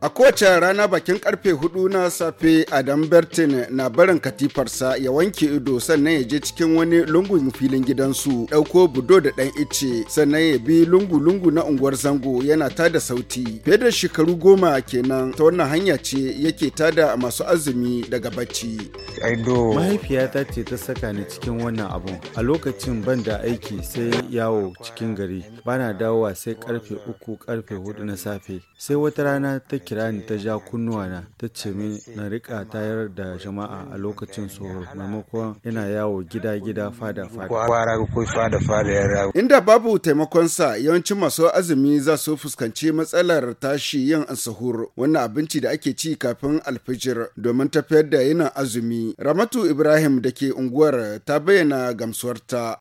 A kowace rana bakin karfe hudu na safe Adam Bertin na barin katifarsa ya wanke ido sannan ya je cikin wani lungun filin gidansu ɗauko budo da ɗan ice sannan ya bi lungu-lungu na unguwar zango yana tada sauti. Fiye da shekaru goma kenan ta wannan hanya ce yake tada masu azumi daga bacci. Mahaifiyata ce ta saka ni cikin wannan abun. A lokacin ban da aiki sai yawo cikin gari. Bana dawowa sai karfe uku karfe hudu na safe. Sai wata rana take kira ni ta ja kunnuwana ta ce min na rika tayar da jama'a a lokacin tsoro maimakon yana yawo gida-gida fada-fada. Inda babu taimakon sa yawancin masu azumi za su fuskanci matsalar tashi yin sahur wannan abinci da ake ci kafin alfijir domin tafiyar da yin azumi. Ramatu Ibrahim da ke unguwar ta bayyana gamsuwarta.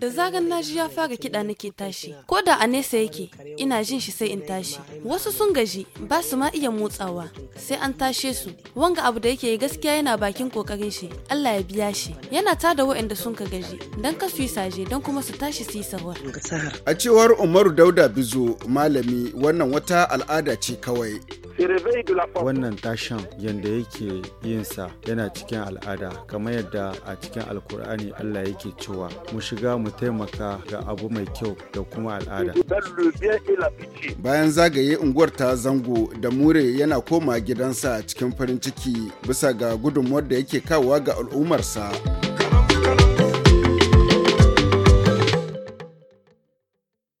Da zagan na ji ya fara kiɗa nake tashi ko da a nesa yake ina jin shi sai in tashi wasu sun gaji ba su ma iya motsawa sai an tashe su wanga abu da yake yi gaskiya yana bakin kokarin shi Allah ya biya shi yana ta da wa'anda sun ka gaji dan ka su saje dan kuma su tashi su yi sahur a cewar Umaru Dauda Bizo malami wannan wata al'ada ce kawai Wannan tashan yadda yake yinsa yana cikin al'ada kamar yadda a cikin alkur'ani Allah yake cewa mu shiga mu taimaka ga abu mai kyau da kuma al'ada. Bayan zagaye unguwar ta zango da mure yana koma gidansa cikin farin ciki bisa ga gudunmuwar da yake kawowa ga al'ummarsa.